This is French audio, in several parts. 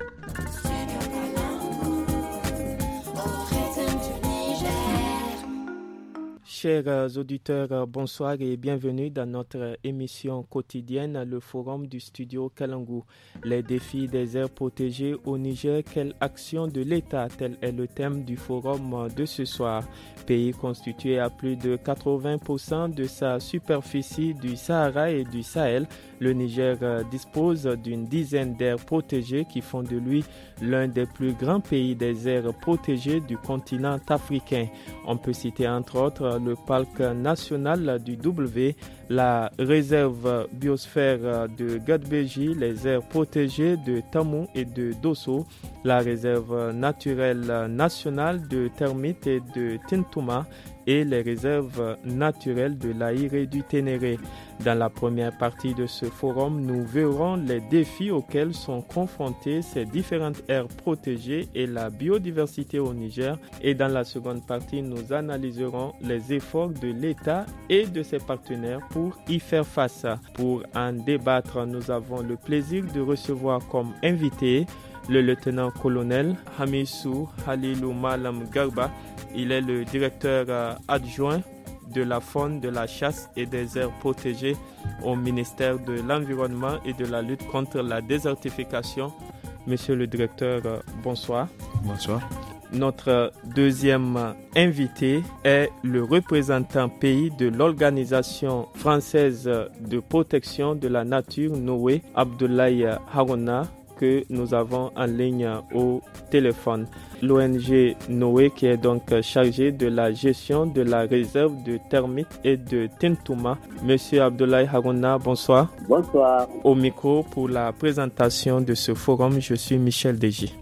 Thank you. Chers euh, auditeurs, euh, bonsoir et bienvenue dans notre euh, émission quotidienne, le forum du studio Kalangu. Les défis des aires protégées au Niger, quelle action de l'État Tel est le thème du forum de ce soir. Pays constitué à plus de 80% de sa superficie du Sahara et du Sahel, le Niger dispose d'une dizaine d'aires protégées qui font de lui l'un des plus grands pays des aires protégées du continent africain. On peut citer entre autres le parc national du W, la réserve biosphère de Gadbeji, les aires protégées de Tamou et de Dosso, la réserve naturelle nationale de Termite et de Tintouma et les réserves naturelles de l'Aïre et du Ténéré. Dans la première partie de ce forum, nous verrons les défis auxquels sont confrontées ces différentes aires protégées et la biodiversité au Niger. Et dans la seconde partie, nous analyserons les efforts de l'État et de ses partenaires pour y faire face. Pour en débattre, nous avons le plaisir de recevoir comme invité le lieutenant-colonel Hamissou Halilou Malam Garba, il est le directeur euh, adjoint de la faune, de la chasse et des aires protégées au ministère de l'Environnement et de la lutte contre la désertification. Monsieur le directeur, euh, bonsoir. Bonsoir. Notre deuxième euh, invité est le représentant pays de l'Organisation française de protection de la nature, Noé Abdoulaye Harouna que nous avons en ligne au téléphone. L'ONG Noé qui est donc chargée de la gestion de la réserve de thermique et de Tintouma. Monsieur Abdoulaye Harouna, bonsoir. Bonsoir. Au micro pour la présentation de ce forum, je suis Michel Deji.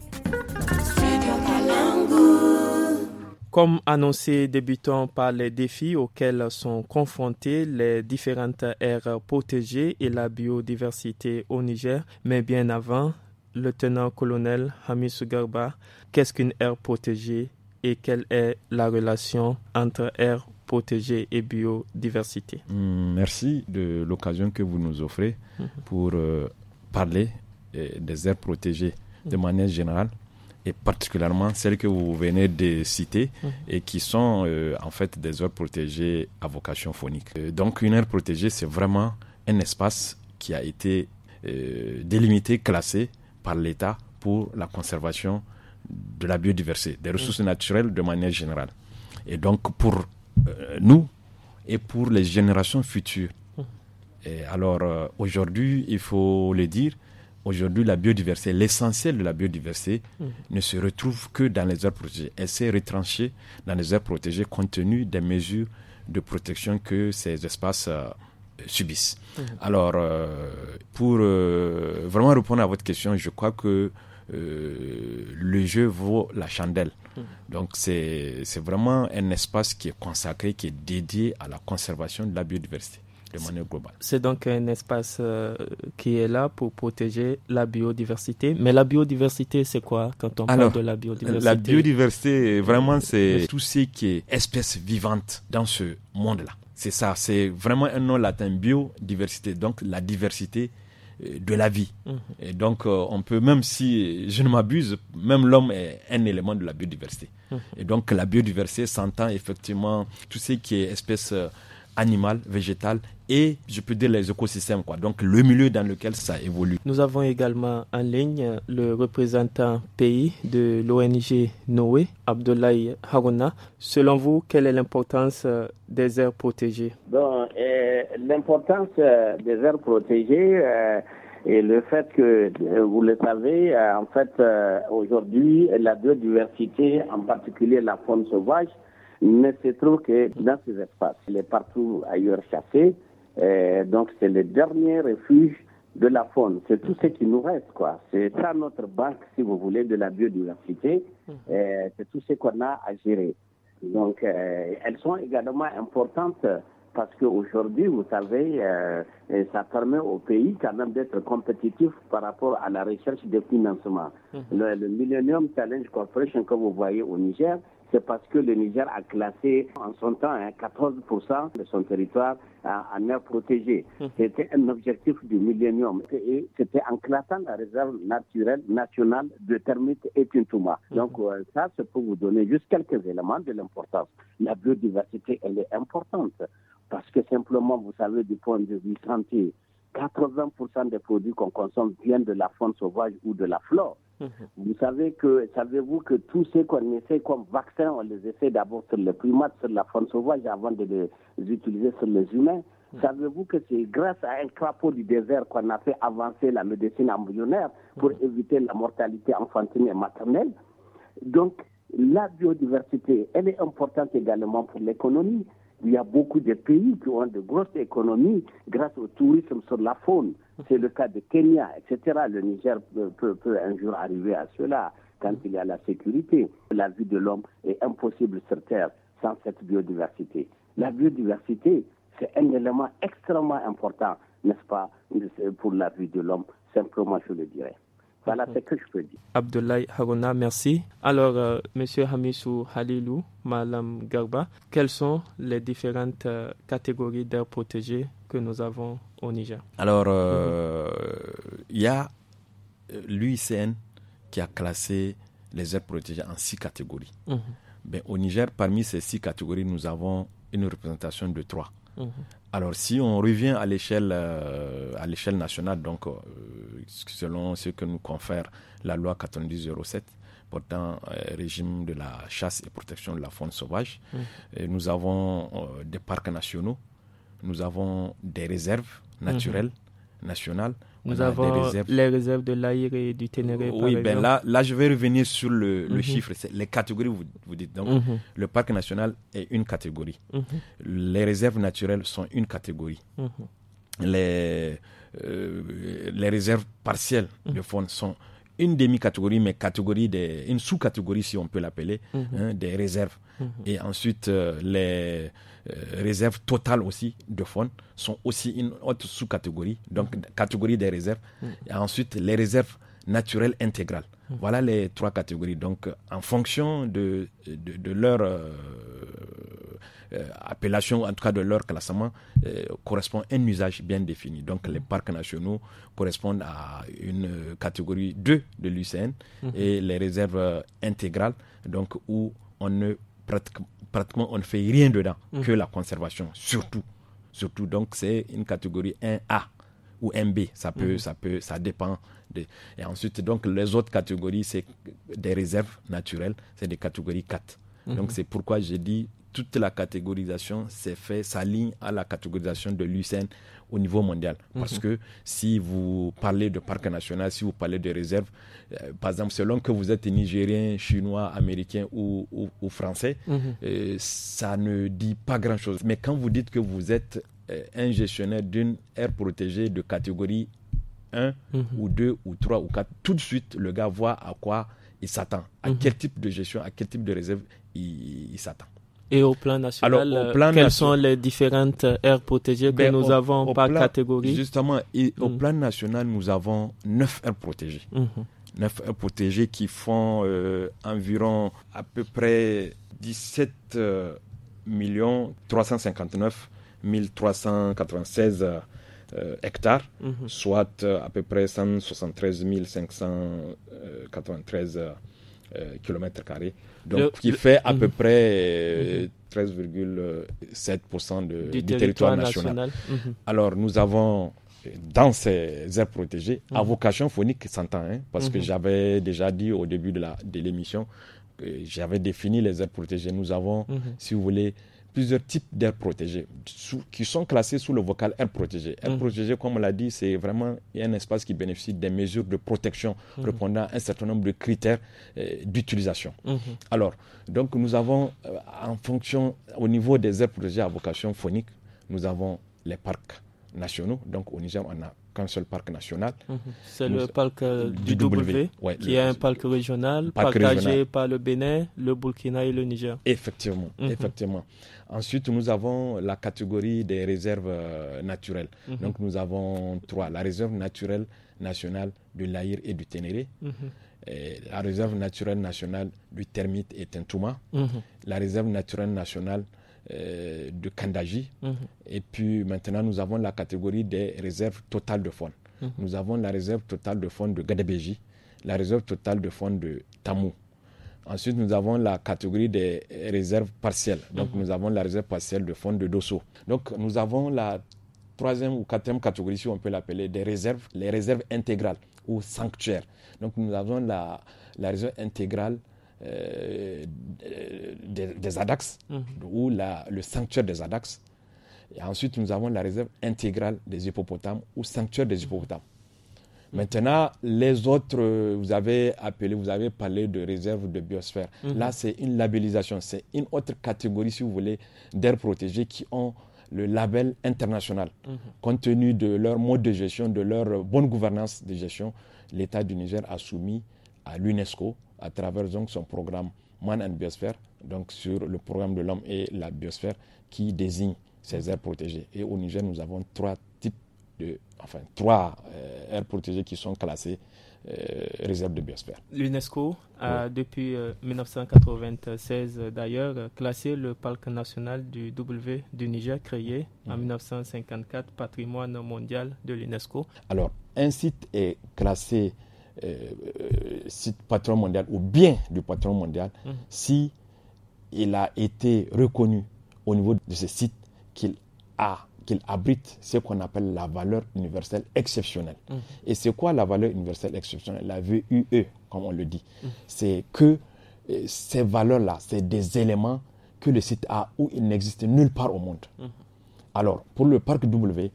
Comme annoncé, débutant par les défis auxquels sont confrontées les différentes aires protégées et la biodiversité au Niger. Mais bien avant, le tenant colonel Hamid Garba, qu'est-ce qu'une aire protégée et quelle est la relation entre aires protégées et biodiversité hmm, Merci de l'occasion que vous nous offrez mhm. pour euh, parler euh, des aires protégées de mhm. manière générale et particulièrement celles que vous venez de citer mhm. et qui sont euh, en fait des heures protégées à vocation phonique. Euh, donc une aire protégée, c'est vraiment un espace qui a été euh, délimité, classé par l'État pour la conservation de la biodiversité, des mhm. ressources naturelles de manière générale. Et donc pour nous et pour les générations futures. Mhm. Et alors aujourd'hui, il faut le dire, Aujourd'hui, la biodiversité, l'essentiel de la biodiversité mmh. ne se retrouve que dans les aires protégées. Elle s'est retranchée dans les aires protégées compte tenu des mesures de protection que ces espaces euh, subissent. Mmh. Alors, euh, pour euh, vraiment répondre à votre question, je crois que le jeu vaut la chandelle. Mmh. Donc, c'est vraiment un espace qui est consacré, qui est dédié à la conservation de la biodiversité de manière globale. C'est donc un espace euh, qui est là pour protéger la biodiversité. Mais la biodiversité, c'est quoi quand on parle de la biodiversité La biodiversité, vraiment, c'est tout ce qui est espèce vivante dans ce monde-là. C'est ça, c'est vraiment un nom latin, biodiversité, donc la diversité euh, de la vie. Mmh. Et donc, euh, on peut, même si je ne m'abuse, même l'homme est un élément de la biodiversité. Mmh. Et donc, la biodiversité s'entend effectivement tout ce qui est espèce animal, végétal et je peux dire les écosystèmes, quoi. donc le milieu dans lequel ça évolue. Nous avons également en ligne le représentant pays de l'ONG Noé, Abdoulaye Haruna. Selon vous, quelle est l'importance euh, des aires protégées bon, euh, L'importance euh, des aires protégées et le fait que, vous le savez, en fait, aujourd'hui, la biodiversité, en particulier la faune sauvage, mais se trouve que dans ces espaces, il est partout ailleurs chassé. Euh, donc c'est le dernier refuge de la faune. C'est tout ce qui nous reste, quoi. C'est ça notre banque, si vous voulez, de la biodiversité. Mhm. Euh, c'est tout ce qu'on a à gérer. Donc euh, elles sont également importantes parce qu'aujourd'hui, vous savez, ça permet au pays quand même d'être compétitif par rapport à la recherche de financement. Mhm. Le, le, Millennium Challenge Corporation que vous voyez au Niger, c'est parce que le Niger a classé en son temps 14% hein, de son territoire en air protégé. Hum. C'était un objectif du millénium. C'était en classant la réserve naturelle nationale de termites et Tintouma. Hum. Donc euh, ça, c'est pour vous donner juste quelques éléments de l'importance. La biodiversité, elle est importante parce que simplement, vous savez, du point de vue santé, 80% des produits qu'on consomme viennent de la faune sauvage ou de la flore. Mhm. Vous savez que, savez-vous que tous ceux qu'on essaie comme vaccins, on les essaie d'abord sur les primates, sur la faune sauvage avant de les utiliser sur les humains. Mhm. Savez-vous que c'est grâce à un crapaud du désert qu'on a fait avancer la médecine embryonnaire pour mhm. éviter la mortalité enfantine et maternelle Donc, la biodiversité, elle est importante également pour l'économie. Il y a beaucoup de pays qui ont de grosses économies grâce au tourisme sur la faune. C'est le cas de Kenya, etc. Le Niger peut, un jour arriver à cela quand il y a la sécurité. La vie de l'homme est impossible sur Terre sans cette biodiversité. La biodiversité, c'est un élément extrêmement important, n'est-ce pas, pour la vie de l'homme, simplement je le dirais. Voilà bah, ce que je peux dire. Abdoulaye Haruna, merci. Alors, euh, Monsieur Halilou, Madame Garba, quelles sont les différentes euh, catégories d'air protégées que nous avons au Niger Alors, euh, mhm. il y a l'UICN qui a classé les aires protégées en six catégories. Mhm. au Niger, parmi ces six catégories, nous avons une représentation de trois. Mhm. Alors si on revient à l'échelle euh, à l'échelle nationale, donc euh, selon ce que nous confère la loi 90-07 portant euh, régime de la chasse et protection de la faune sauvage, mhm. nous avons des parcs nationaux, nous avons des réserves naturelles, mhm nationale. Nous on avons les réserves de l'Aïr et du Ténéré. Oui, par ben là, là, je vais revenir sur le, mhm. chiffre, les catégories, vous, dites. Donc, mhm. le parc national est une catégorie. Mhm. Les réserves naturelles sont une catégorie. Les, euh, les réserves partielles de faune sont une demi-catégorie, mais catégorie des, une sous-catégorie, si on peut l'appeler, hein, mhm. des réserves. Mhm. Et ensuite, euh, les euh, réserves totales aussi de fonds sont aussi une autre sous-catégorie, donc mhm. catégorie des réserves. Et ensuite, les réserves naturelles intégrales. Voilà les trois catégories. Donc, en fonction de, de, leur euh, euh, appellation, en tout cas de leur classement, euh, correspond à un usage bien défini. Donc les parcs nationaux correspondent à une euh, catégorie 2 de l'UCN mhm. et les réserves intégrales, donc où on ne pratiquement on ne fait rien dedans mhm. que la conservation, surtout. Surtout, donc c'est une catégorie 1A ou 1B, ça peut, mhm. ça peut, ça dépend. De... Et ensuite, donc les autres catégories, c'est des réserves naturelles, c'est des catégories 4. Donc c'est pourquoi j'ai dit toute la catégorisation s'est fait, s'aligne à la catégorisation de l'UCN au niveau mondial. Mhm. Parce que si vous parlez de parc national, si vous parlez de réserve, euh, par exemple, selon que vous êtes nigérien, chinois, américain ou, français, mhm. euh, ça ne dit pas grand-chose. Mais quand vous dites que vous êtes euh, un gestionnaire d'une aire protégée de catégorie 1 mhm. ou 2 ou 3 ou 4, tout de suite, le gars voit à quoi il s'attend, à quel type de gestion, à quel type de réserve il s'attend. Et au plan national, euh, quelles sont les différentes aires protégées que ben, nous avons par catégorie Justement, au mm. plan national, nous avons neuf aires protégées. Mm-hmm. Neuf aires protégées qui font euh, environ à peu près 17 359 396 hectares, mm-hmm. soit euh, à peu près 173 593 hectares euh, km. Donc, qui fait à mhm. peu près 13,7% mhm. euh, du, territoire, national. Mhm. Alors, nous avons euh, dans ces aires protégées, à vocation phonique s'entend, hein, parce que j'avais déjà dit au début de l'émission, que j'avais défini les aires protégées. Nous avons, si vous voulez, plusieurs types d'air protégés qui sont classés sous le vocal air protégé. Air mm. protégé, comme on l'a dit, c'est vraiment un espace qui bénéficie des mesures de protection mm-hmm. répondant à un certain nombre de critères euh, d'utilisation. Mm-hmm. Alors, donc nous avons euh, en fonction, au niveau des aires protégées à vocation phonique, nous avons les parcs nationaux. Donc au Niger, on a qu'un seul parc national. Mhm. C'est le parc euh, du, W, qui est un parc régional partagé par le Bénin, le Burkina et le Niger. Effectivement, mhm. effectivement. Ensuite, nous avons la catégorie des réserves euh, naturelles. Mhm. Donc, nous avons trois la réserve naturelle nationale du l'Aïr et du Ténéré. la réserve naturelle nationale du Termite et Tintouma. la réserve naturelle nationale euh, de Kandaji. Mhm. Et puis maintenant, nous avons la catégorie des réserves totales de faune. Mhm. Nous avons la réserve totale de fonds de Gadebéji, la réserve totale de fonds de Tamou. Ensuite, nous avons la catégorie des réserves partielles. Donc, mhm. nous avons la réserve partielle de fonds de Dosso. Donc, nous avons la troisième ou quatrième catégorie, si on peut l'appeler, des réserves, les réserves intégrales ou sanctuaires. Donc, nous avons la réserve intégrale euh, des, ADAX, mhm. ou le sanctuaire des ADAX. Et ensuite, nous avons la réserve intégrale des hippopotames ou sanctuaire des hippopotames. Mhm. Maintenant, les autres, euh, vous avez appelé, vous avez parlé de réserve de biosphère. Mhm. Là, c'est une labellisation, c'est une autre catégorie, si vous voulez, d'air protégé qui ont le label international. Compte tenu de leur mode de gestion, de leur bonne gouvernance de gestion, l'État du Niger a soumis à l'UNESCO à travers donc son programme Man and Biosphere, donc sur le programme de l'homme et la biosphère qui désigne ces aires protégées. Et au Niger, nous avons trois types de, enfin trois euh, aires protégées qui sont classées euh, réserves de biosphère. L'UNESCO a, depuis 1996 euh, d'ailleurs, classé le parc national du W du Niger, créé en 1954 mhm. patrimoine mondial de l'UNESCO. Alors, un site est classé euh, euh, site patron mondial ou bien du patron mondial s'il mhm. si il a été reconnu au niveau de ce site qu'il a qu'il abrite ce qu'on appelle la valeur universelle exceptionnelle. Mhm. Et c'est quoi la valeur universelle exceptionnelle La VUE, comme on le dit. Mhm. C'est que euh, ces valeurs-là, c'est des éléments que le site a où il n'existe nulle part au monde. Alors, pour le parc W,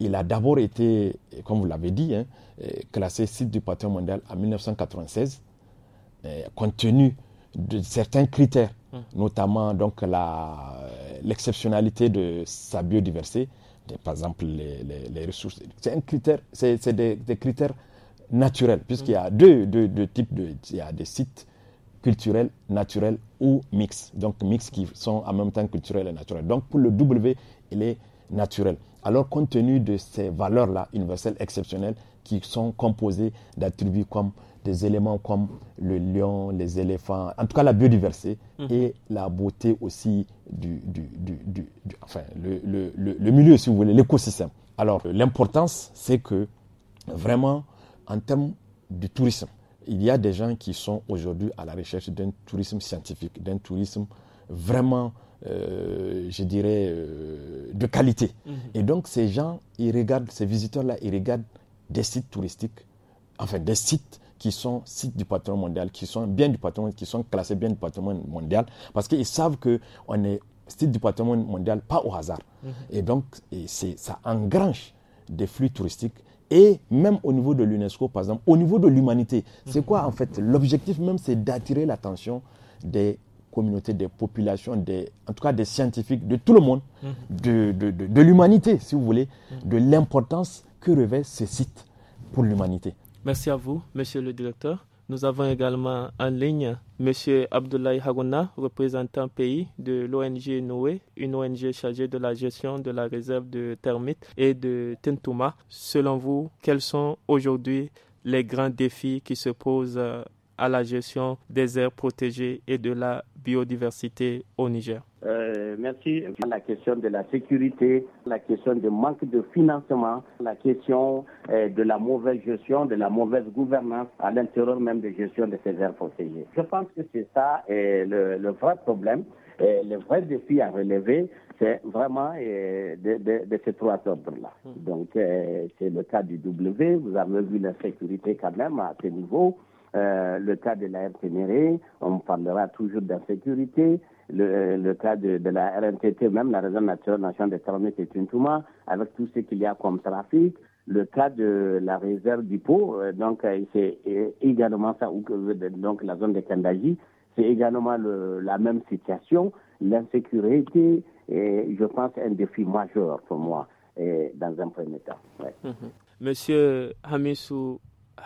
il a d'abord été, comme vous l'avez dit, hein, euh, classé site du patrimoine mondial en 1996, euh, compte tenu de certains critères, hum. notamment donc euh, l'exceptionnalité de sa biodiversité, par exemple les, les, ressources. C'est un critère, c'est des, des, critères naturels, puisqu'il y a hum. deux, deux, types de, il y a des sites culturels, naturels ou mixtes. Donc mixtes qui sont en même temps culturels et naturels. Donc pour le W, il est naturel. Alors, compte tenu de ces valeurs-là universelles exceptionnelles qui sont composées d'attributs comme des éléments comme le lion, les éléphants, en tout cas la biodiversité mhm. et la beauté aussi du, enfin, le, milieu, si vous voulez, l'écosystème. Alors, l'importance, c'est que vraiment, en termes de tourisme, il y a des gens qui sont aujourd'hui à la recherche d'un tourisme scientifique, d'un tourisme vraiment, euh, je dirais, euh, de qualité. Mhm. Et donc ces gens, ils regardent, ces visiteurs-là, ils regardent des sites touristiques, enfin des sites qui sont sites du patrimoine mondial, qui sont bien du patrimoine, qui sont classés bien du patrimoine mondial, parce qu'ils savent qu'on est site du patrimoine mondial, pas au hasard. Mhm. Et donc, et ça engrange des flux touristiques. Et même au niveau de l'UNESCO, par exemple, au niveau de l'humanité, c'est mhm. quoi en fait L'objectif même, c'est d'attirer l'attention des communauté, des populations, des, en tout cas des scientifiques, de tout le monde, mhm. de, l'humanité, si vous voulez, mhm. de l'importance que revêt ce site pour l'humanité. Merci à vous, monsieur le directeur. Nous avons également en ligne monsieur Abdoulaye Harouna, représentant pays de l'ONG Noé, une ONG chargée de la gestion de la réserve de termites et de Tintouma. Selon vous, quels sont aujourd'hui les grands défis qui se posent euh, à la gestion des aires protégées et de la biodiversité au Niger euh, Merci. La question de la sécurité, la question du manque de financement, la question euh, de la mauvaise gestion, de la mauvaise gouvernance à l'intérieur même de gestion de ces aires protégées. Je pense que c'est ça euh, le, vrai problème, le vrai défi à relever, c'est vraiment de, ces trois ordres-là. Hmm. Donc c'est le cas du W, vous avez vu sécurité quand même à ce niveau. Euh, le cas de la RTNR on parlera toujours d'insécurité. Le, euh, cas de, la RNTT, même la Réserve naturelle nationale des est une avec tout ce qu'il y a comme trafic. Le cas de la réserve du pot, euh, donc c'est également ça, donc la zone de Kandaji, c'est également la même situation. L'insécurité est, je pense, un défi majeur pour moi et dans un premier temps. Mm-hmm. Monsieur Hamissou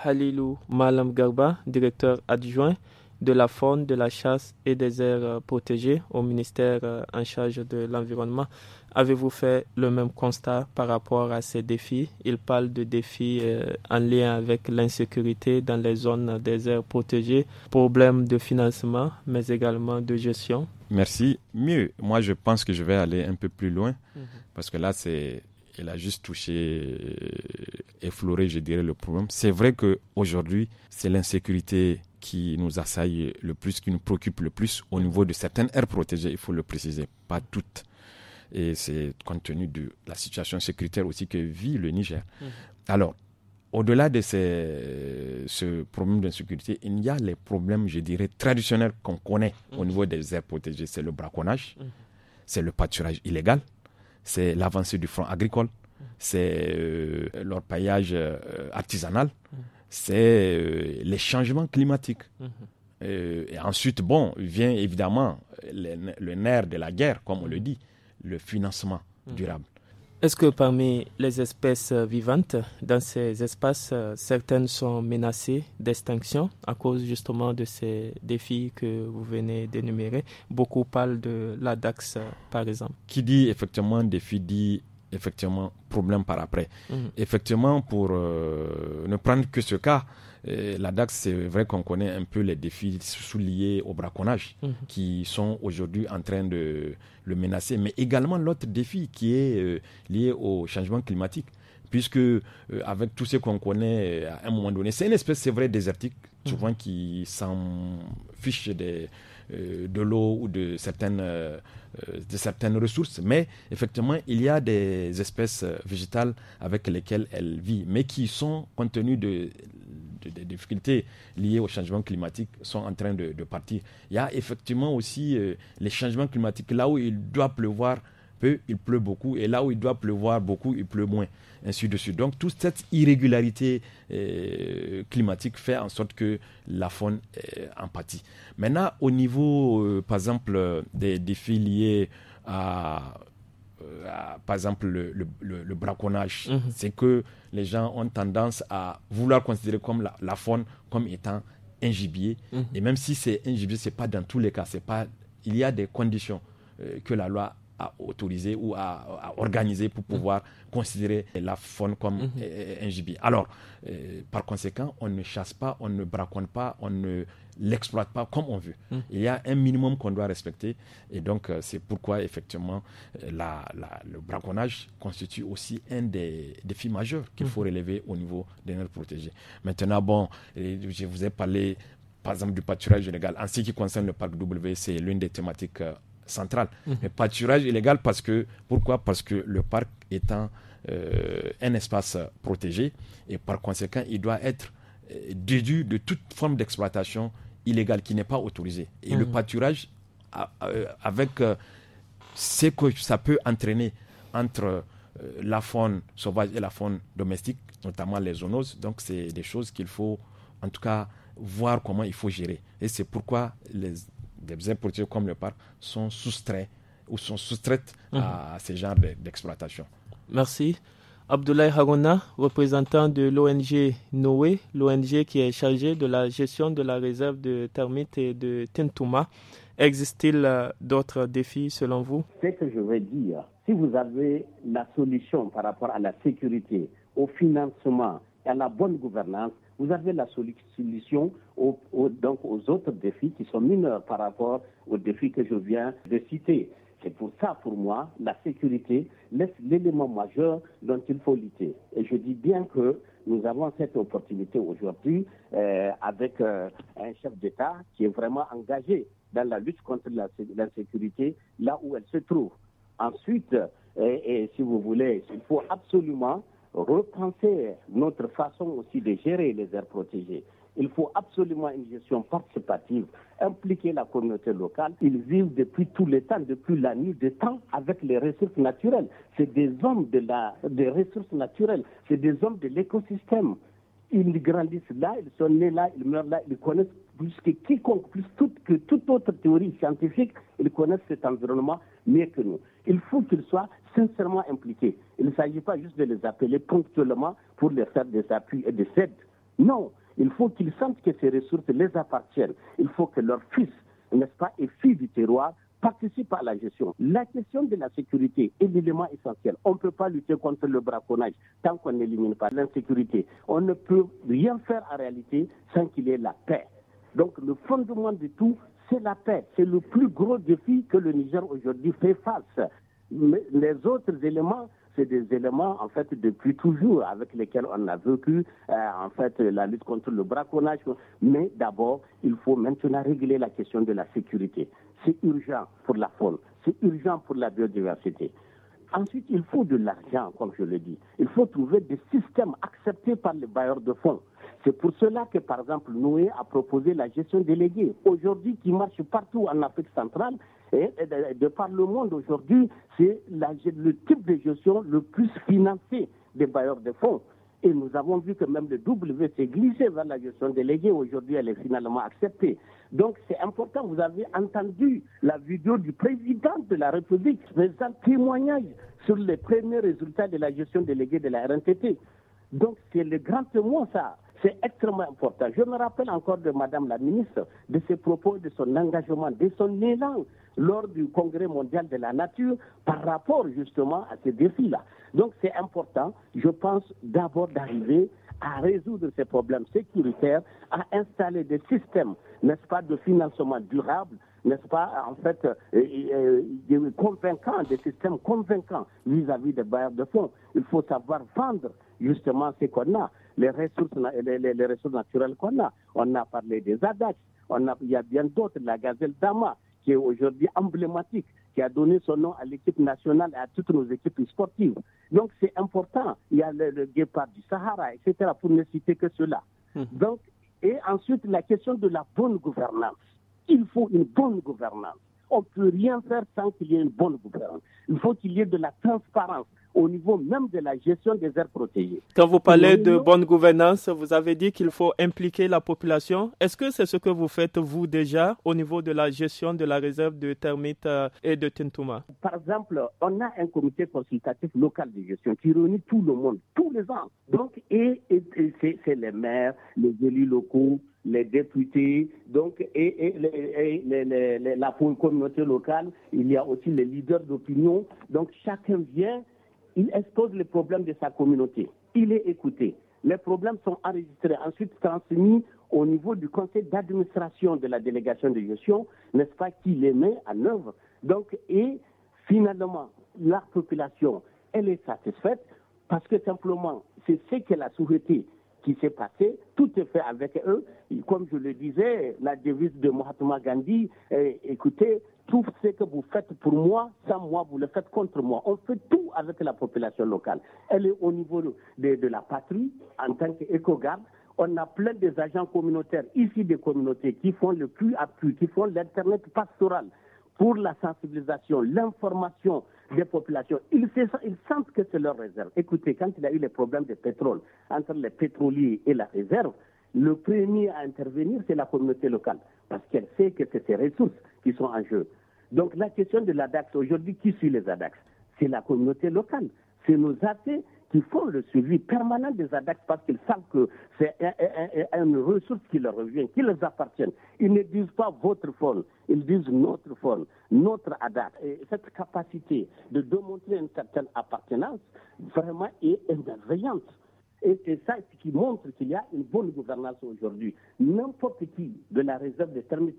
Halilou Malam Garba, directeur adjoint de la faune, de la chasse et des aires euh, protégées au ministère euh, en charge de l'environnement. Avez-vous fait le même constat par rapport à ces défis Il parle de défis euh, en lien avec l'insécurité dans les zones des aires protégées, problèmes de financement, mais également de gestion. Merci. Mieux, moi je pense que je vais aller un peu plus loin, mhm. parce que là c'est elle a juste touché, euh, effleuré, je dirais, le problème. C'est vrai qu'aujourd'hui, c'est l'insécurité qui nous assaille le plus, qui nous préoccupe le plus au niveau de certaines aires protégées, il faut le préciser, pas toutes. Et c'est compte tenu de la situation sécuritaire aussi que vit le Niger. Mhm. Alors, au-delà de ce problème d'insécurité, il y a les problèmes, je dirais, traditionnels qu'on connaît au mhm. niveau des aires protégées. C'est le braconnage, mhm. c'est le pâturage illégal, c'est l'avancée du front agricole, c'est euh, leur paillage euh, artisanal, c'est euh, les changements climatiques. et ensuite, bon, vient évidemment le, nerf de la guerre, comme on le dit, le financement mm. durable. Est-ce que parmi les espèces vivantes dans ces espaces, euh, certaines sont menacées d'extinction à cause justement de ces défis que vous venez d'énumérer Beaucoup parlent de la Dax, euh, par exemple. Qui dit effectivement défi dit effectivement problème par après. Mhm. Effectivement, pour euh, ne prendre que ce cas, euh, la DAX, c'est vrai qu'on connaît un peu les défis liés au braconnage mhm. qui sont aujourd'hui en train de le menacer, mais également l'autre défi qui est euh, lié au changement climatique puisque euh, avec tout ce qu'on connaît à un moment donné, c'est une espèce, c'est vrai, désertique, mhm. souvent qui s'en fiche des, de l'eau ou de certaines, de certaines ressources. Mais effectivement, il y a des espèces végétales avec lesquelles elle vit, mais qui sont, compte tenu de des difficultés liées au changement climatique sont en train de, partir. Il y a effectivement aussi euh, les changements climatiques. Là où il doit pleuvoir peu, il pleut beaucoup. Et là où il doit pleuvoir beaucoup, il pleut moins. Ainsi de suite. Donc toute cette irrégularité euh, climatique fait en sorte que la faune euh, en pâtit. Maintenant, au niveau, par exemple, des défis liés à euh, par exemple, le, braconnage, mhm. c'est que les gens ont tendance à vouloir considérer comme la, faune comme étant un gibier. Mhm. Et même si c'est un gibier, c'est pas dans tous les cas. C'est pas, il y a des conditions euh, que la loi a autorisées ou a, organisées pour mhm. pouvoir considérer la faune comme un gibier. Alors, euh, par conséquent, on ne chasse pas, on ne braconne pas, on ne l'exploite pas comme on veut. Hmm. Il y a un minimum qu'on doit respecter. Et donc, euh, c'est pourquoi, effectivement, euh, la, le braconnage constitue aussi un des défis majeurs qu'il hmm. faut relever au niveau des nerfs protégés. Maintenant, bon, je vous ai parlé, par exemple, du pâturage illégal. En ce qui concerne le parc W, c'est l'une des thématiques euh, centrales. Hmm. Mais pâturage illégal parce que pourquoi Parce que le parc étant un espace protégé et par conséquent, il doit être déduit de toute forme d'exploitation illégal qui n'est pas autorisé. Et le mhm. pâturage, euh, avec euh, ce que ça peut entraîner entre euh, la faune sauvage et la faune domestique, notamment les zoonoses, donc c'est des choses qu'il faut, en tout cas, voir comment il faut gérer. Et c'est pourquoi les, des importeurs comme le parc sont soustraits ou sont soustraites mhm. à ce genre d'exploitation. Merci. Abdoulaye Haguna, représentant de l'ONG Noé, l'ONG qui est chargée de la gestion de la réserve de termites et de Tintouma. Existe-t-il euh, d'autres défis selon vous Ce que je veux dire, si vous avez la solution par rapport à la sécurité, au financement et à la bonne gouvernance, vous avez la solution donc aux autres défis qui sont mineurs par rapport aux défis que je viens de citer. C'est pour ça, pour moi, la sécurité laisse l'élément majeur dont il faut lutter. Et je dis bien que nous avons cette opportunité aujourd'hui euh, avec euh, un chef d'État qui est vraiment engagé dans la lutte contre l'insécurité là où elle se trouve. Ensuite, et si vous voulez, il faut absolument repenser notre façon aussi de gérer les aires protégées. Il faut absolument une gestion participative, impliquer la communauté locale. Ils vivent depuis tout le temps, depuis la nuit des temps, avec les ressources naturelles. C'est des hommes de la, des ressources naturelles, c'est des hommes de l'écosystème. Ils grandissent là, ils sont nés là, ils meurent là, ils connaissent plus que quiconque, plus que toute autre théorie scientifique, ils connaissent cet environnement mieux que nous. Il faut qu'ils soient sincèrement impliqués. Il ne s'agit pas juste de les appeler ponctuellement pour leur faire des appuis et des aides. Non, il faut qu'ils sentent que ces ressources les appartiennent. Il faut que leurs fils, n'est-ce pas, et filles du terroir participent à la gestion. La question de la sécurité est l'élément essentiel. On ne peut pas lutter contre le braconnage tant qu'on n'élimine pas l'insécurité. On ne peut rien faire en réalité sans qu'il y ait la paix. Donc le fondement de tout, c'est la paix. C'est le plus gros défi que le Niger aujourd'hui fait face. les autres éléments c'est des éléments, en fait, depuis toujours, avec lesquels on a vécu, euh, en fait, la lutte contre le braconnage. Mais d'abord, il faut maintenant régler la question de la sécurité. C'est urgent pour la faune, c'est urgent pour la biodiversité. Ensuite, il faut de l'argent, comme je le dis. Il faut trouver des systèmes acceptés par les bailleurs de fonds. C'est pour cela que, par exemple, Noé a proposé la gestion déléguée. Aujourd'hui, qui marche partout en Afrique centrale, et, de par le monde aujourd'hui, c'est le type de gestion le plus financé des bailleurs de fonds. Et nous avons vu que même le W s'est glissé vers la gestion déléguée. Aujourd'hui, elle est finalement acceptée. Donc, c'est important. Vous avez entendu la vidéo du président de la République faisant témoignage sur les premiers résultats de la gestion déléguée de la RNTT. Donc, c'est le grand témoin, ça. C'est extrêmement important. Je me rappelle encore de Madame la ministre, de ses propos, de son engagement, de son élan lors du Congrès mondial de la nature par rapport justement à ces défis-là. Donc c'est important, je pense, d'abord d'arriver à résoudre ces problèmes sécuritaires, à installer des systèmes, n'est-ce pas, de financement durable, n'est-ce pas, en fait, euh, euh, euh, convaincants, des systèmes convaincants vis à -vis des bailleurs de fonds. Il faut savoir vendre justement ce qu'on a les ressources, les, ressources naturelles qu'on a. On a parlé des adax, on a, il y a bien d'autres, la gazelle d'Ama, qui est aujourd'hui emblématique, qui a donné son nom à l'équipe nationale et à toutes nos équipes sportives. Donc c'est important. Il y a le, guépard du Sahara, etc., pour ne citer que cela. Hum. Donc, et ensuite, la question de la bonne gouvernance. Il faut une bonne gouvernance. On ne peut rien faire sans qu'il y ait une bonne gouvernance. Il faut qu'il y ait de la transparence au niveau même de la gestion des aires protégées. Quand vous parlez de bonne gouvernance, vous avez dit qu'il faut impliquer la population. Est-ce que c'est ce que vous faites, vous, déjà, au niveau de la gestion de la réserve de termites euh, et de Tintouma Par exemple, on a un comité consultatif local de gestion qui réunit tout le monde, tous les ans. Donc, et, c'est les maires, les élus locaux, les députés, donc, et, la communauté locale, il y a aussi les leaders d'opinion. Donc, chacun vient il expose les problèmes de sa communauté. Il est écouté. Les problèmes sont enregistrés, ensuite transmis au niveau du conseil d'administration de la délégation de gestion, n'est-ce pas, qui les met en œuvre. Donc, et finalement, la population, elle est satisfaite parce que simplement, c'est ce que la souhaité qui s'est passé, tout est fait avec eux. comme je le disais, la devise de Mahatma Gandhi, écoutez, tout ce que vous faites pour moi, sans moi, vous le faites contre moi. On fait tout avec la population locale. Elle est au niveau de, la patrie, en tant qu'éco-garde. On a plein des agents communautaires, ici des communautés, qui font le plus à plus, qui font l'Internet pastoral pour la sensibilisation, l'information des populations. Ils, ils sentent que c'est leur réserve. Écoutez, quand il y a eu les problèmes de pétrole entre les pétroliers et la réserve, le premier à intervenir, c'est la communauté locale parce qu'elle sait que c'est ses ressources qui sont en jeu. Donc la question de l'ADAX, aujourd'hui, qui suit les ADAX C'est la communauté locale, c'est nos athées qui font le suivi permanent des ADAX parce qu'ils savent que c'est une ressource qui leur revient, qui les appartient. Ils ne disent pas votre forme, ils disent notre forme, notre ADAX. Et cette capacité de démontrer une certaine appartenance vraiment est émerveillante. Et, c'est ça, qui montre qu'il y a une bonne gouvernance aujourd'hui. N'importe qui de la réserve de Termit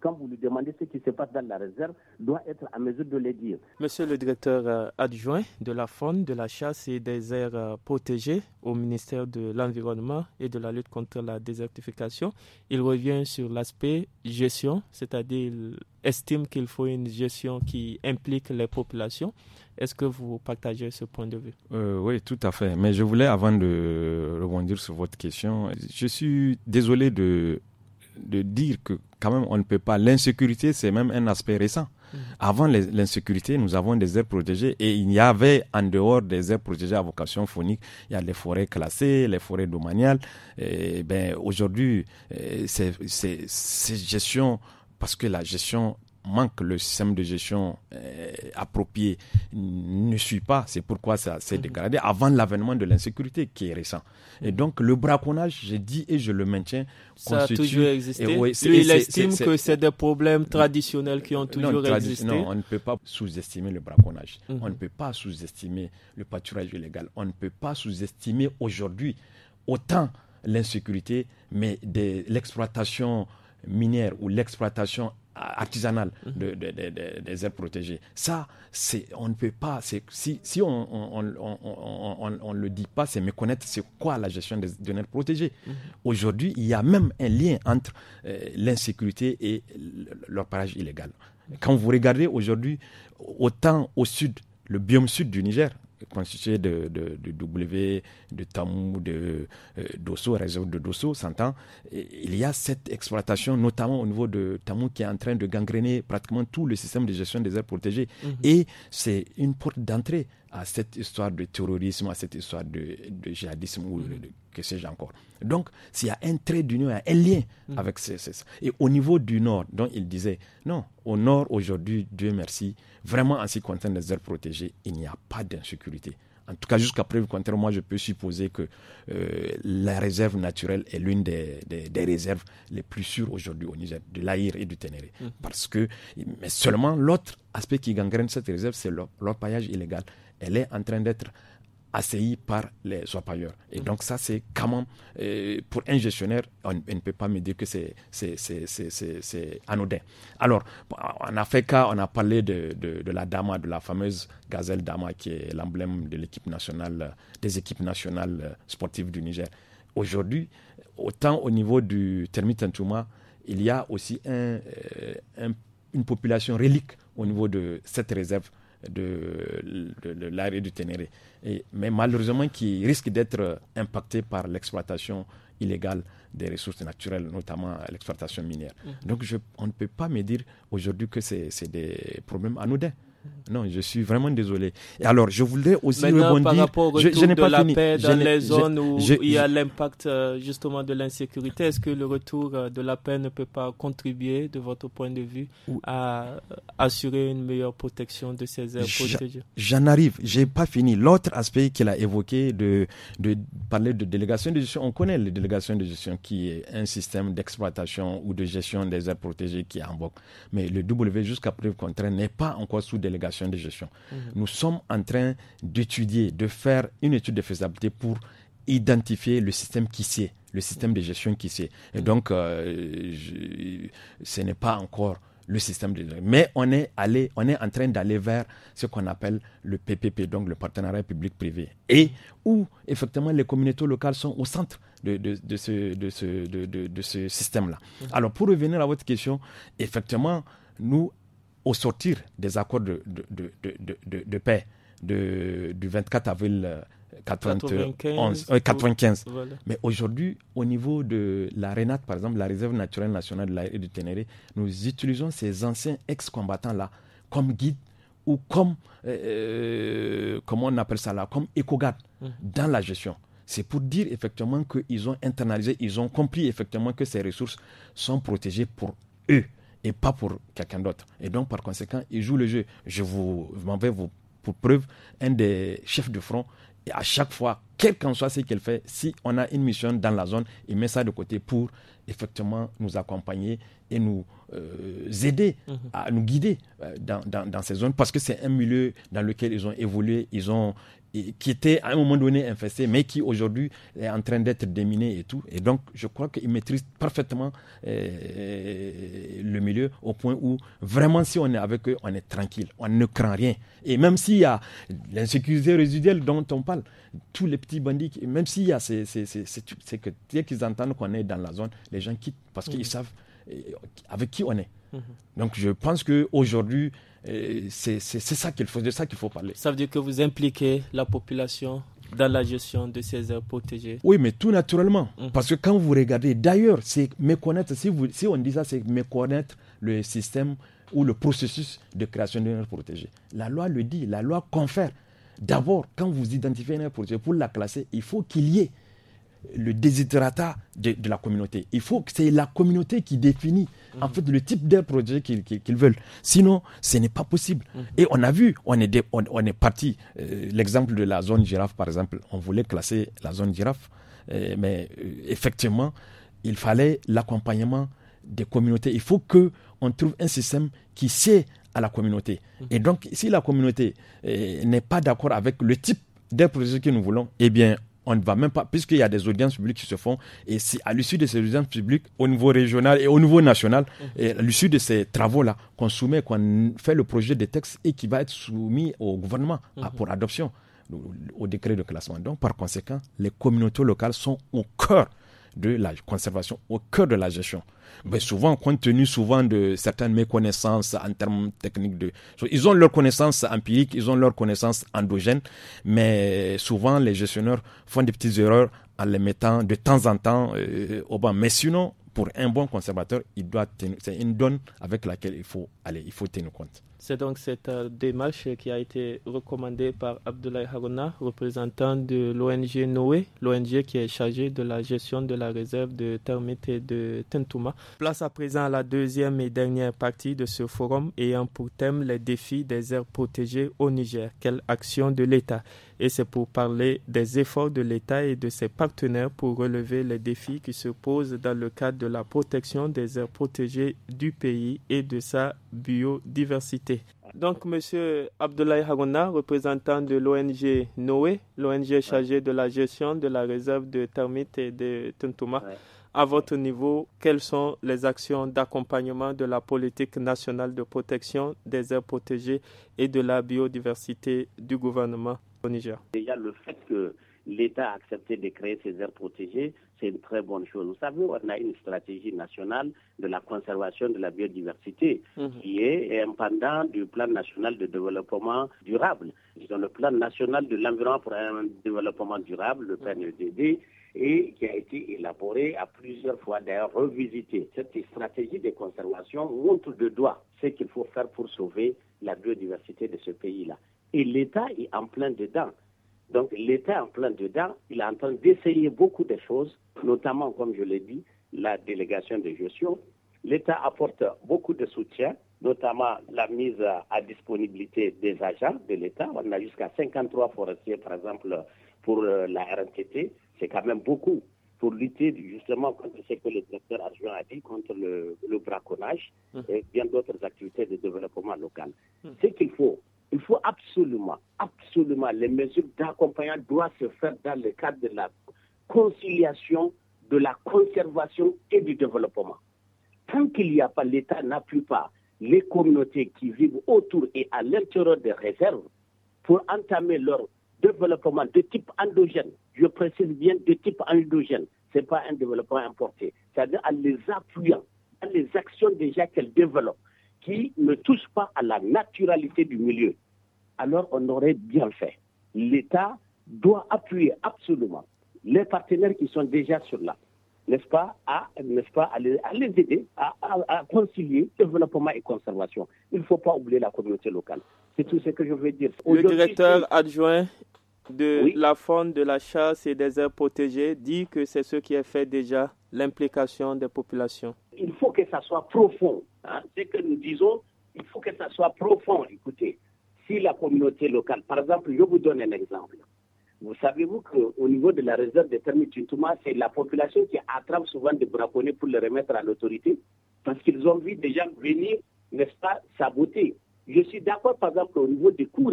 quand vous lui demandez ce qui se passe dans la réserve, doit être à mesure de le dire. Monsieur le directeur euh, adjoint de la faune, de la chasse et des aires euh, protégées au ministère de l'Environnement et de la lutte contre la désertification, il revient sur l'aspect gestion, c'est-à-dire estime qu'il faut une gestion qui implique les populations. Est-ce que vous partagez ce point de vue euh, Oui, tout à fait. Mais je voulais, avant de rebondir sur votre question, je suis désolé de de dire que quand même on ne peut pas. L'insécurité, c'est même un aspect récent. Mm. Avant l'insécurité, nous avons des aires protégées et il y avait en dehors des aires protégées à vocation phonique, il y a les forêts classées, les forêts domaniales. ben aujourd'hui, euh, c'est gestion parce que la gestion manque le système de gestion euh, approprié, ne suit pas. C'est pourquoi ça s'est mhm. dégradé avant l'avènement de l'insécurité qui est récent. Et mhm. donc le braconnage, j'ai dit et je le maintiens. Ça a toujours existé. Et il estime que c'est des problèmes traditionnels qui ont toujours existé. Non, on ne peut pas sous-estimer le braconnage. Mhm. On ne peut pas sous-estimer le pâturage illégal. On ne peut pas sous-estimer aujourd'hui autant l'insécurité, mais l'exploitation minière ou l'exploitation artisanale mhm. des aires protégées. Ça, c'est, on ne peut pas, si, si on ne le dit pas, c'est méconnaître c'est quoi la gestion des données protégées. Mhm. Aujourd'hui, il y a même un lien entre euh, l'insécurité et leur parage illégal. Quand vous regardez aujourd'hui, autant au sud, le biome sud du Niger, constitué de, de, de, W, de Tamou, de euh, Dosso, réseau de Dosso, s'entend, il y a cette exploitation, notamment au niveau de Tamou, qui est en train de gangréner pratiquement tout le système de gestion des aires protégées. Mhm. Et c'est une porte d'entrée à cette histoire de terrorisme, à cette histoire de, de djihadisme ou que sais-je encore. Donc, s'il y a un trait d'union, un lien mm. avec ces, Et au niveau du Nord, dont il disait, non, au Nord, aujourd'hui, Dieu merci, vraiment en ce qui concerne les aires protégées, il n'y a pas d'insécurité. En tout cas, jusqu'à preuve contraire, moi, je peux supposer que euh, la réserve naturelle est l'une des, des, réserves les plus sûres aujourd'hui au Niger, de l'Aïr et du Ténéré. Mm. Parce que, mais seulement l'autre aspect qui gangrène cette réserve, c'est paillage illégal elle est en train d'être assaillie par les ailleurs Et donc ça, c'est comment, euh, pour un gestionnaire, on, ne peut pas me dire que c'est anodin. Alors, on a fait cas, on a parlé de, la Dama, de la fameuse gazelle Dama, qui est l'emblème de l'équipe nationale, des équipes nationales sportives du Niger. Aujourd'hui, autant au niveau du Termite Ntouma, il y a aussi euh, une population relique au niveau de cette réserve de, l'arrêt du Ténéré, et, mais malheureusement qui risque d'être impacté par l'exploitation illégale des ressources naturelles, notamment l'exploitation minière. Mmh. Donc je, on ne peut pas me dire aujourd'hui que c'est des problèmes anodins. Non, je suis vraiment désolé. Et alors, je voulais aussi rebondir. Par au je, je n'ai pas de la paix dans les zones où il y a l'impact euh, justement de l'insécurité, est-ce que le retour euh, de la paix ne peut pas contribuer, de votre point de vue, à euh, assurer une meilleure protection de ces aires protégées J'en arrive. J'ai pas fini. L'autre aspect qu'il a évoqué de, de parler de délégation de gestion, on connaît les délégations de gestion qui est un système d'exploitation ou de gestion des aires protégées qui est en vogue. Mais le W jusqu'à preuve contraire n'est pas encore sous délégation de gestion. Mhm. Nous sommes en train d'étudier, de faire une étude de faisabilité pour identifier le système qui sait, le système de gestion qui sait. Et mhm. donc, euh, ce n'est pas encore le système de Mais on est allé, on est en train d'aller vers ce qu'on appelle le PPP, donc le partenariat public-privé, et où effectivement les communautés locales sont au centre de ce, de, ce système-là. Mhm. Alors pour revenir à votre question, effectivement, nous, au sortir des accords de, de, de, de paix du 24 avril 91, euh, 95. Mais aujourd'hui, au niveau de la RENAT, par exemple, la Réserve naturelle nationale de la de Ténéré, nous utilisons ces anciens ex-combattants-là comme guides ou comme, euh, euh, comment on appelle ça là, comme éco mmh. dans la gestion. C'est pour dire effectivement qu'ils ont internalisé, ils ont compris effectivement que ces ressources sont protégées pour eux et pas pour quelqu'un d'autre. Et donc, par conséquent, il joue le jeu. Je vous m'en vais vous, pour preuve, un des chefs de front, et à chaque fois, quel qu'en soit ce qu'elle fait, si on a une mission dans la zone, il met ça de côté pour effectivement nous accompagner et nous euh, aider, mhm. à nous guider euh, dans, dans, dans, ces zones, parce que c'est un milieu dans lequel ils ont évolué, ils ont, qui était à un moment donné infesté, mais qui aujourd'hui est en train d'être déminé et tout. Et donc, je crois qu'ils maîtrisent parfaitement euh, euh, le milieu au point où vraiment, si on est avec eux, on est tranquille, on ne craint rien. Et même s'il y a l'insécurité résiduelle dont on parle, tous les petits bandits, même s'il y a ces, ces, c'est que dès qu'ils entendent qu'on est dans la zone, les gens quittent parce qu'ils savent euh, avec qui on est. Mhm. Donc je pense qu'aujourd'hui, euh, c'est ça qu'il faut, de ça qu'il faut parler. Ça veut dire que vous impliquez la population dans la gestion de ces aires protégées Oui, mais tout naturellement. Mhm. Parce que quand vous regardez, d'ailleurs, c'est méconnaître, si, vous, si on dit ça, c'est méconnaître le système ou le processus de création d'une aire protégée. La loi le dit, la loi confère. D'abord, quand vous identifiez une aire protégée, pour la classer, il faut qu'il y ait le désiderata de, la communauté. Il faut que c'est la communauté qui définit en mhm. fait le type de projet qu'ils veulent. Sinon, ce n'est pas possible. Mhm. Et on a vu, on est, on, est parti. Euh, l'exemple de la zone girafe, par exemple, on voulait classer la zone girafe, euh, mais euh, effectivement, il fallait l'accompagnement des communautés. Il faut que on trouve un système qui sait à la communauté. Mhm. Et donc, si la communauté n'est pas d'accord avec le type des projet que nous voulons, eh bien, on ne va même pas, puisqu'il y a des audiences publiques qui se font, et c'est à l'issue de ces audiences publiques, au niveau régional et au niveau national, mhm. et à l'issue de ces travaux-là, qu'on soumet, qu'on fait le projet de texte et qui va être soumis au gouvernement mhm. pour adoption au décret de classement. Donc, par conséquent, les communautés locales sont au cœur de la conservation, au cœur de la gestion. Mais souvent, compte tenu souvent de certaines méconnaissances en termes techniques, de, ils ont leurs connaissances empiriques, ils ont leurs connaissances endogènes, mais souvent les gestionnaires font des petites erreurs en les mettant de temps en temps euh, au banc. Mais sinon, pour un bon conservateur, il doit c'est une donne avec laquelle il faut aller, il faut tenir compte. C'est donc cette euh, démarche qui a été recommandée par Abdoulaye Harouna, représentant de l'ONG Noé, l'ONG qui est chargée de la gestion de la réserve de termites de Tentouma. Place à présent à la deuxième et dernière partie de ce forum ayant pour thème les défis des aires protégées au Niger. Quelle action de l'État et c'est pour parler des efforts de l'État et de ses partenaires pour relever les défis qui se posent dans le cadre de la protection des aires protégées du pays et de sa biodiversité. Donc, Monsieur Abdoulaye Haruna, représentant de l'ONG Noé, l'ONG chargée de la gestion de la réserve de termites et de Tuntuma, à votre niveau, quelles sont les actions d'accompagnement de la politique nationale de protection des aires protégées et de la biodiversité du gouvernement Déjà, le fait que l'État a accepté de créer ces aires protégées, c'est une très bonne chose. Vous savez, on a une stratégie nationale de la conservation de la biodiversité mhm. qui est impendant du plan national de développement durable. le plan national de l'environnement pour un développement durable, le mhm. PNEDD, et qui a été élaboré à plusieurs fois, d'ailleurs revisité. Cette stratégie de conservation montre de doigts ce qu'il faut faire pour sauver la biodiversité de ce pays-là. Et l'État est en plein dedans. Donc l'État en plein dedans, il est en train d'essayer beaucoup de choses, notamment, comme je l'ai dit, la délégation de gestion. L'État apporte beaucoup de soutien, notamment la mise à disponibilité des agents de l'État. On a jusqu'à 53 forestiers, par exemple, pour euh, la RNTT. C'est quand même beaucoup pour lutter justement contre ce que le directeur adjoint a dit, contre le, braconnage hum. et bien d'autres activités de développement local. C'est hum. Ce qu'il faut, il faut absolument, absolument, les mesures d'accompagnement doivent se faire dans le cadre de la conciliation, de la conservation et du développement. Tant qu'il n'y a pas, l'État n'appuie pas les communautés qui vivent autour et à l'intérieur des réserves pour entamer leur développement de type endogène. Je précise bien de type endogène. Ce n'est pas un développement importé. C'est-à-dire en les appuyant, en les actions déjà qu'elles développent, qui ne touchent pas à la naturalité du milieu. Alors on aurait bien fait. L'État doit appuyer absolument les partenaires qui sont déjà sur là, n'est-ce pas, à, n'est-ce pas, à les, aider à concilier développement et conservation. Il ne faut pas oublier la communauté locale. C'est tout ce que je veux dire. Le directeur adjoint de la faune de la chasse et des aires protégées dit que c'est ce qui est fait déjà, l'implication des populations. Il faut que ça soit profond. Hein. Ce que nous disons, il faut que ça soit profond. Écoutez, si la communauté locale, par exemple, je vous donne un exemple. Vous savez-vous qu'au niveau de la réserve des de Tintouma, c'est la population qui attrape souvent des braconniers pour les remettre à l'autorité parce qu'ils ont vu déjà gens venir, n'est-ce pas, saboter je suis d'accord, par exemple, au niveau des cours,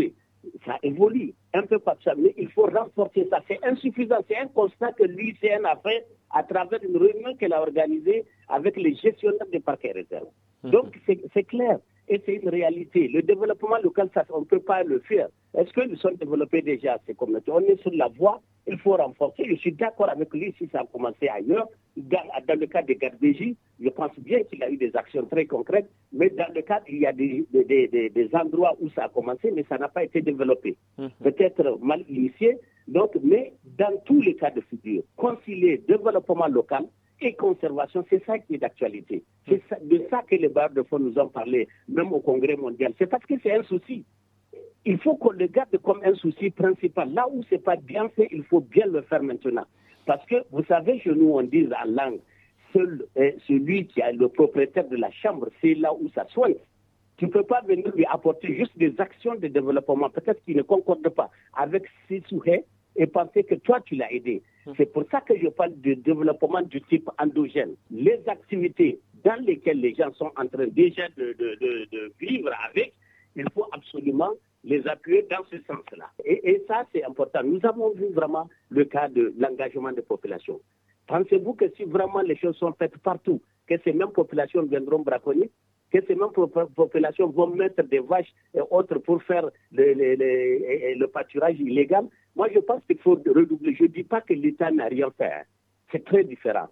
ça évolue un peu par ça, mais il faut renforcer ça. C'est insuffisant, c'est un constat que l'ICN a fait à travers une réunion qu'elle a organisée avec les gestionnaires des et réserves. Mmh. Donc, c'est clair. Et c'est une réalité. Le développement local, on ne peut pas le faire. Est-ce que nous sommes développés déjà ces communautés On est sur la voie, il faut renforcer. Je suis d'accord avec lui si ça a commencé ailleurs. Dans, le cas des Gardéji, je pense bien qu'il a eu des actions très concrètes, mais dans le cas, il y a des, endroits où ça a commencé, mais ça n'a pas été développé. Mmh. Peut-être mal initié, donc, mais dans tous les cas de figure, concilier développement local et conservation, c'est ça qui est d'actualité. C'est de ça que les barres de fond nous ont parlé, même au Congrès mondial. C'est parce que c'est un souci. Il faut qu'on le garde comme un souci principal. Là où ce n'est pas bien fait, il faut bien le faire maintenant. Parce que, vous savez, chez nous, on dit en langue, euh, celui qui est le propriétaire de la chambre, c'est là où ça soigne. Tu ne peux pas venir lui apporter juste des actions de développement, peut-être qu'il ne concorde pas avec ses souhaits, et penser que toi, tu l'as aidé. C'est pour ça que je parle du développement du type endogène. Les activités dans lesquelles les gens sont en train déjà de, vivre avec, il faut absolument les appuyer dans ce sens-là. Et, ça, c'est important. Nous avons vu vraiment le cas de l'engagement des populations. Pensez-vous que si vraiment les choses sont faites partout, que ces mêmes populations viendront braconner, que ces mêmes populations vont mettre des vaches et autres pour faire le pâturage illégal, moi, je pense qu'il faut redoubler. Je ne dis pas que l'État n'a rien fait. Hein. C'est très différent.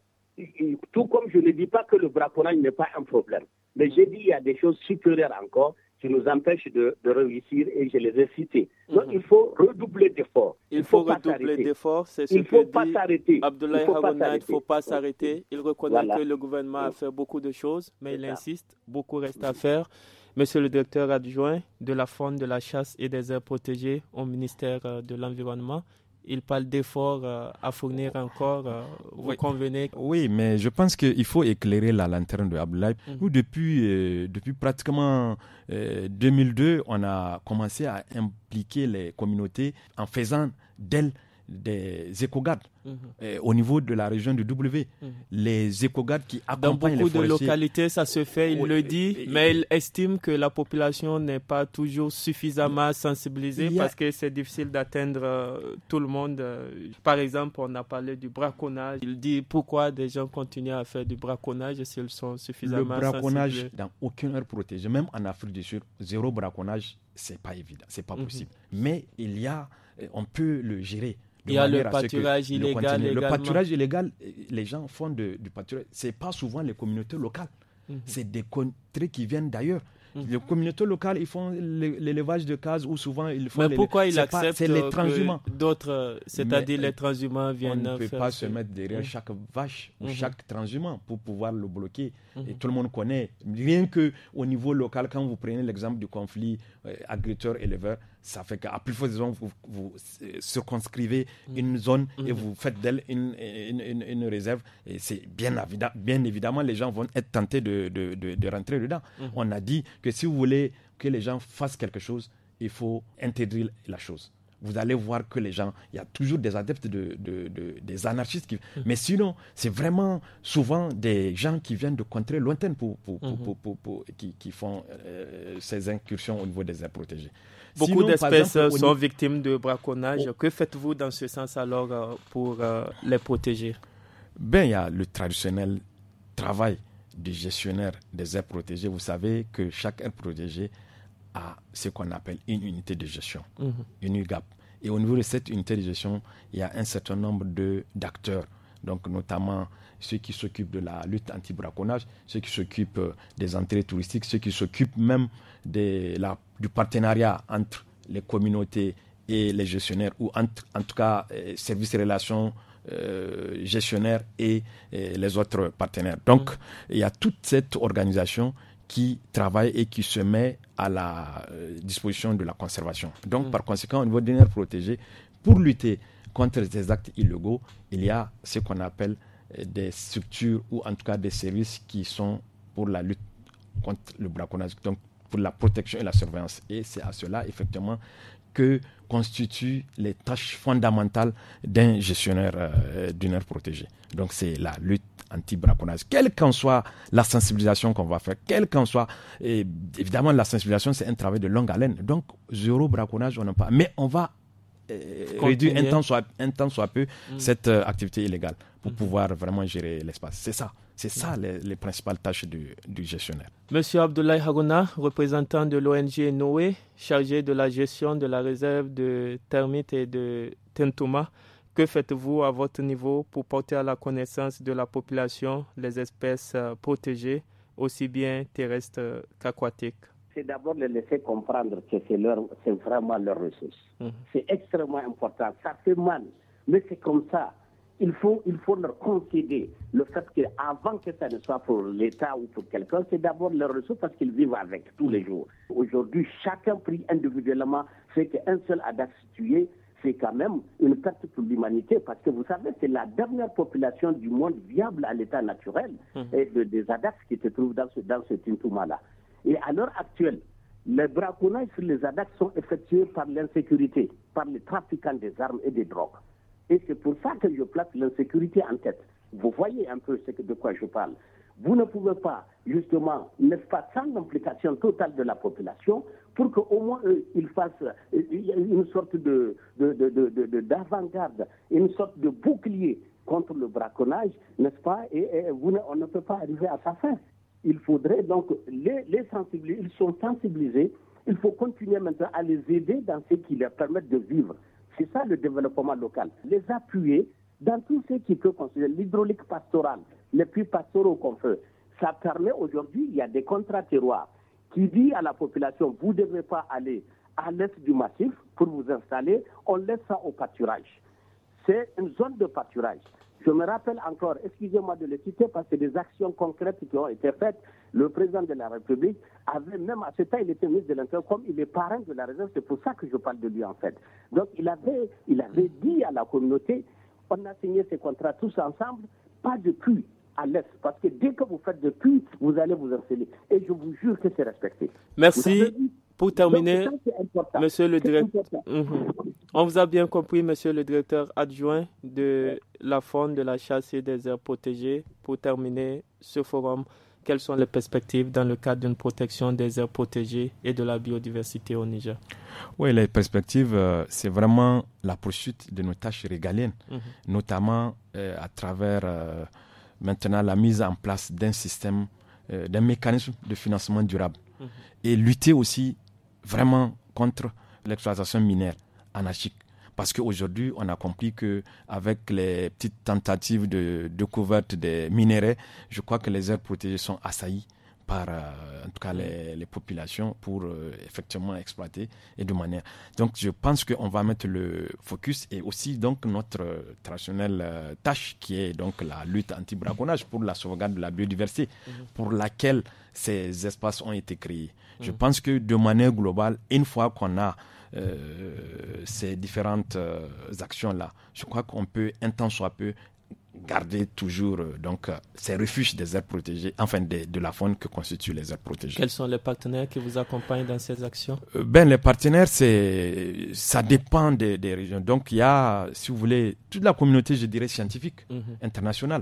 tout comme je ne dis pas que le braconnage n'est pas un problème. Mais j'ai dit qu'il y a des choses supérieures encore qui nous empêchent de, réussir et je les ai citées. Donc mhm. il faut redoubler d'efforts. Il, faut, redoubler d'efforts, il faut pas il ne faut pas s'arrêter. Il reconnaît que le gouvernement a fait beaucoup de choses, mais il insiste, beaucoup reste à faire. Monsieur le directeur adjoint de la faune de la chasse et des aires protégées au ministère euh, de l'Environnement, il parle d'efforts euh, à fournir encore, euh, vous oui. convenez Oui, mais je pense qu'il faut éclairer la lanterne de Abdoulaye. Mhm. depuis, depuis pratiquement 2002, on a commencé à impliquer les communautés en faisant d'elles des écogardes mhm. euh, au niveau de la région du W. Mhm. Les écogardes qui accompagnent Dans beaucoup de localités, ça se fait, il le dit, mais il estime que la population n'est pas toujours suffisamment sensibilisée parce que c'est difficile d'atteindre euh, tout le monde. Euh, par exemple, on a parlé du braconnage. Il dit pourquoi des gens continuent à faire du braconnage s'ils sont suffisamment sensibles. Le braconnage dans aucune aire protégée, même en Afrique du Sud, zéro braconnage, c'est pas évident, c'est pas mhm. possible. Mais il y a, on peut le gérer il y a le pâturage illégal. Le, pâturage illégal, les gens font du pâturage. Ce n'est pas souvent les communautés locales. Mhm. C'est des contrées qui viennent d'ailleurs. Mhm. Les communautés locales, ils font l'élevage de cases ou souvent ils font. Mais pourquoi ils acceptent C'est les transhumants. D'autres, c'est-à-dire les transhumants viennent. On ne peut pas se mettre derrière mhm. chaque vache ou chaque transhumant pour pouvoir le bloquer. Et tout le monde connaît. Rien que au niveau local, quand vous prenez l'exemple du conflit euh, agriculteur-éleveur, ça fait qu'à plus forte vous, vous euh, circonscrivez mm. une zone et mm. vous faites d'elle une, réserve. Et c'est bien, bien évidemment, les gens vont être tentés de, rentrer dedans. Mm. On a dit que si vous voulez que les gens fassent quelque chose, il faut intégrer la chose vous allez voir que les gens, il y a toujours des adeptes de, des anarchistes. Mm. Mais sinon, c'est vraiment souvent des gens qui viennent de contrées lointaines pour, mm-hmm. qui, font euh, ces incursions au niveau des aires protégées. Beaucoup d'espèces sont victimes de braconnage. Oh. Que faites-vous dans ce sens alors euh, pour euh, les protéger Ben, il y a le traditionnel travail du gestionnaire des aires protégées. Vous savez que chaque aire protégée à ce qu'on appelle une unité de gestion, mhm. une UGAP. Et au niveau de cette unité de gestion, il y a un certain nombre d'acteurs, donc notamment ceux qui s'occupent de la lutte anti-braconnage, ceux qui s'occupent euh, des entrées touristiques, ceux qui s'occupent même de la, du partenariat entre les communautés et les gestionnaires, ou entre, en tout cas, euh, services relations euh, gestionnaires et, les autres partenaires. Donc, mhm. il y a toute cette organisation qui travaille et qui se met à la euh, disposition de la conservation. Donc, mm. par conséquent, au niveau des nerfs protégés, pour lutter contre ces actes illégaux, il y a ce qu'on appelle euh, des structures ou en tout cas des services qui sont pour la lutte contre le braconnage, donc pour la protection et la surveillance. Et c'est à cela, effectivement, que constituent les tâches fondamentales d'un gestionnaire euh, d'une aire protégée. Donc c'est la lutte anti-braconnage. Quelle qu'en soit la sensibilisation qu'on va faire, quelle qu'en soit, évidemment la sensibilisation c'est un travail de longue haleine. Donc zéro braconnage, on n'en pas. Mais on va euh, réduire un temps soit, peu mm. cette euh, activité illégale pour mm-hmm. pouvoir vraiment gérer l'espace. C'est ça. C'est ça les, principales tâches du, gestionnaire. Monsieur Abdoulaye Hagouna, représentant de l'ONG Noé, chargé de la gestion de la réserve de termites et de tentuma, que faites-vous à votre niveau pour porter à la connaissance de la population les espèces euh, protégées, aussi bien terrestres euh, qu'aquatiques c'est d'abord les laisser comprendre que c'est vraiment leur ressource. Hum. C'est extrêmement important. Ça fait mal, mais c'est comme ça il faut, il faut leur concéder le fait qu'avant que ça ne soit pour l'État ou pour quelqu'un, c'est d'abord leur ressource parce qu'ils vivent avec tous les jours. Aujourd'hui, chacun prie individuellement, c'est qu'un seul ADAC tué, c'est quand même une perte pour l'humanité parce que vous savez, c'est la dernière population du monde viable à l'état naturel mhm. et de, des adaptes qui se trouvent dans ce, dans ce Tintouma-là. Et à l'heure actuelle, les braconnages sur les adaptes sont effectués par l'insécurité, par les trafiquants des armes et des drogues. Et c'est pour ça que je place l'insécurité en tête. Vous voyez un peu ce de quoi je parle. Vous ne pouvez pas, justement, n'est-ce pas, sans l'implication totale de la population, pour qu'au moins euh, ils fassent euh, une sorte de, d'avant-garde, une sorte de bouclier contre le braconnage, n'est-ce pas, et, on ne peut pas arriver à sa fin. Il faudrait donc les, les sensibiliser, ils sont sensibilisés, il faut continuer maintenant à les aider dans ce qui leur permet de vivre. C'est ça le développement local. Les appuyer dans tout ce qui peut construire l'hydraulique pastorale, les puits pastoraux qu'on fait. Ça permet aujourd'hui, il y a des contrats terroirs qui disent à la population, vous ne devez pas aller à l'est du massif pour vous installer, on laisse ça au pâturage. C'est une zone de pâturage. Je me rappelle encore, excusez-moi de le citer, parce que des actions concrètes qui ont été faites, le président de la République avait même, à ce temps, il était ministre de l'Intérieur, comme il est parrain de la réserve, c'est pour ça que je parle de lui en fait. Donc il avait, il avait dit à la communauté, on a signé ces contrats tous ensemble, pas de à l'Est, parce que dès que vous faites de vous allez vous enseigner. Et je vous jure que c'est respecté. Merci. Pour terminer, monsieur le directeur, mhm. on vous a bien compris, monsieur le directeur adjoint de la faune de la chasse et des aires protégées. Pour terminer ce forum, quelles sont les perspectives dans le cadre d'une protection des aires protégées et de la biodiversité au Niger Oui, les perspectives, euh, c'est vraiment la poursuite de nos tâches régaliennes, mhm. notamment euh, à travers euh, maintenant la mise en place d'un système, d'un mécanisme de financement durable mhm. et lutter aussi vraiment contre l'exploitation minière anarchique parce qu'aujourd'hui, on a compris que avec les petites tentatives de découverte des minéraux, je crois que les aires protégées sont assaillies par euh, en tout cas les, populations pour euh, effectivement exploiter et de manière. Donc je pense qu'on va mettre le focus et aussi donc notre euh, traditionnelle tâche qui est donc la lutte anti-braconnage pour la sauvegarde de la biodiversité mhm. pour laquelle ces espaces ont été créés. Je mhm. pense que de manière globale, une fois qu'on a euh, ces différentes euh, actions-là. Je crois qu'on peut, un temps soit peu, garder toujours euh, donc ces refuges des aires protégées, enfin de, de, la faune que constituent les aires protégées. Quels sont les partenaires qui vous accompagnent dans ces actions Ben les partenaires, c'est ça dépend des, régions. Donc il y a, si vous voulez, toute la communauté, je dirais scientifique mhm. internationale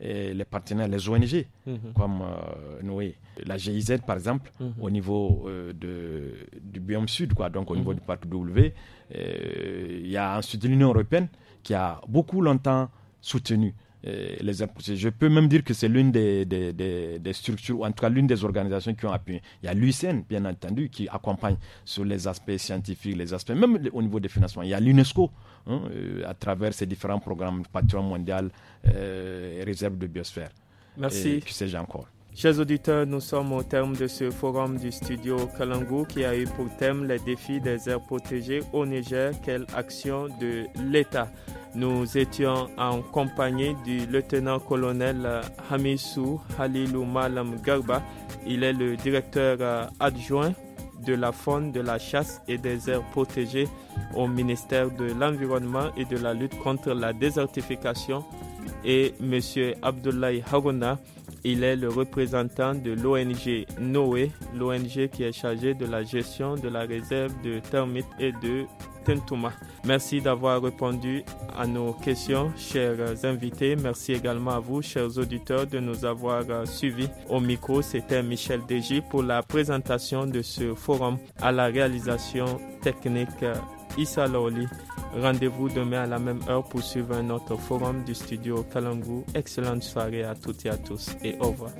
et les partenaires, les ONG, mhm. comme euh, Noé, la GIZ par exemple, mhm. au niveau euh, de, du biome sud, donc au niveau mhm. du parc W. Euh, il y a ensuite l'Union européenne qui a beaucoup longtemps soutenu euh, les, je peux même dire que c'est l'une des, structures, ou en tout cas l'une des organisations qui ont appuyé. Il y a l'UICN, bien entendu, qui accompagne sur les aspects scientifiques, les aspects, même au niveau des financements. Il y a l'UNESCO, hein, euh, à travers ses différents programmes, patrimoine mondial, euh, réserve de biosphère. Merci. que sais-je encore. Chers auditeurs, nous sommes au terme de ce forum du studio Kalangu qui a eu pour thème les défis des aires protégées au Niger, quelle action de l'État. Nous étions en compagnie du lieutenant-colonel euh, Hamissou Halilou Malam Garba. Il est le directeur euh, adjoint de la faune, de la chasse et des aires protégées au ministère de l'Environnement et de la lutte contre la désertification. Et M. Abdoulaye Haruna, il est le représentant de l'ONG Noé, l'ONG qui est chargée de la gestion de la réserve de termites et de Merci d'avoir répondu à nos questions, chers invités. Merci également à vous, chers auditeurs, de nous avoir euh, suivis. Au micro, c'était Michel Deji pour la présentation de ce forum à la réalisation technique euh, Issa Loli. Rendez-vous demain à la même heure pour suivre un autre forum du studio Kalangu. Excellente soirée à toutes et à tous et au revoir.